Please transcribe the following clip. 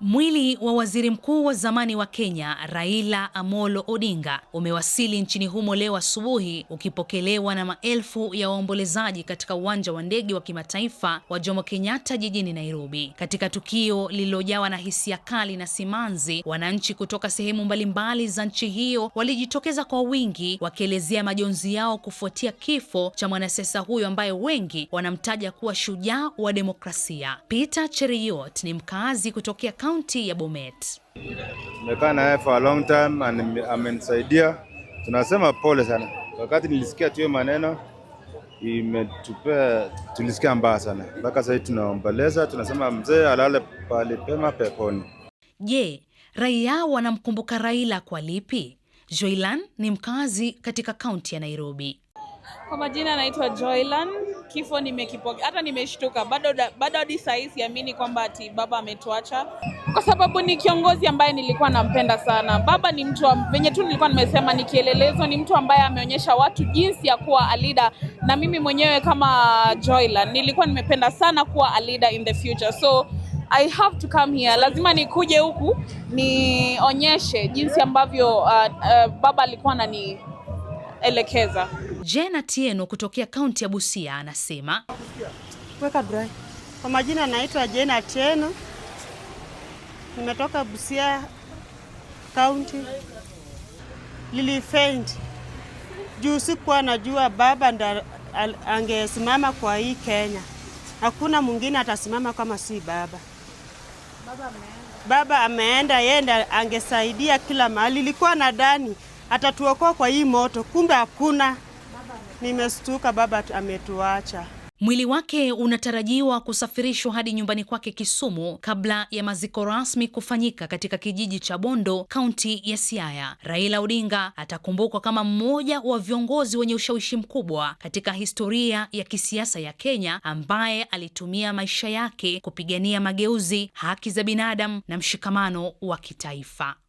Mwili wa waziri mkuu wa zamani wa Kenya Raila Amolo Odinga umewasili nchini humo leo asubuhi ukipokelewa na maelfu ya waombolezaji katika uwanja wa ndege wa kimataifa wa Jomo Kenyatta jijini Nairobi. Katika tukio lililojawa na hisia kali na simanzi, wananchi kutoka sehemu mbalimbali za nchi hiyo walijitokeza kwa wingi wakielezea majonzi yao kufuatia kifo cha mwanasiasa huyo ambaye wengi wanamtaja kuwa shujaa wa demokrasia. Peter Cheriot ni mkazi kutokea kaunti ya Bomet. Nimekaa naye for a long time and amenisaidia, tunasema pole sana. Wakati nilisikia tuyo maneno imetupea tulisikia mbaya sana, mpaka sasa tunaomboleza, tunasema mzee alale pale pema peponi. Je, raia wanamkumbuka Raila kwa lipi? Joilan ni mkazi katika kaunti ya Nairobi. Kwa majina anaitwa Joylan. Kifo nimekipokea hata nimeshtuka, bado bado hadi saa hii siamini kwamba ati baba ametuacha, kwa sababu ni kiongozi ambaye nilikuwa nampenda sana. Baba ni mtu venye tu nilikuwa nimesema, ni kielelezo, ni mtu ambaye ameonyesha watu jinsi ya kuwa alida, na mimi mwenyewe kama Joylan nilikuwa nimependa sana kuwa alida in the future so I have to come here, lazima nikuje huku nionyeshe jinsi ambavyo uh, uh, baba alikuwa ananielekeza. Jena Tieno kutokea kaunti ya Busia anasema weka dry. Kwa majina naitwa Jena Tieno, nimetoka Busia kaunti. Lilifeint juu sikuwa najua baba ndo angesimama kwa hii Kenya. Hakuna mwingine atasimama kama si baba. Baba ameenda, baba ameenda, yenda angesaidia kila mahali. Ilikuwa nadhani atatuokoa kwa hii moto, kumbe hakuna. Nimestuka baba ametuacha. Mwili wake unatarajiwa kusafirishwa hadi nyumbani kwake Kisumu kabla ya maziko rasmi kufanyika katika kijiji cha Bondo, kaunti ya Siaya. Raila Odinga atakumbukwa kama mmoja wa viongozi wenye ushawishi mkubwa katika historia ya kisiasa ya Kenya, ambaye alitumia maisha yake kupigania mageuzi, haki za binadamu na mshikamano wa kitaifa.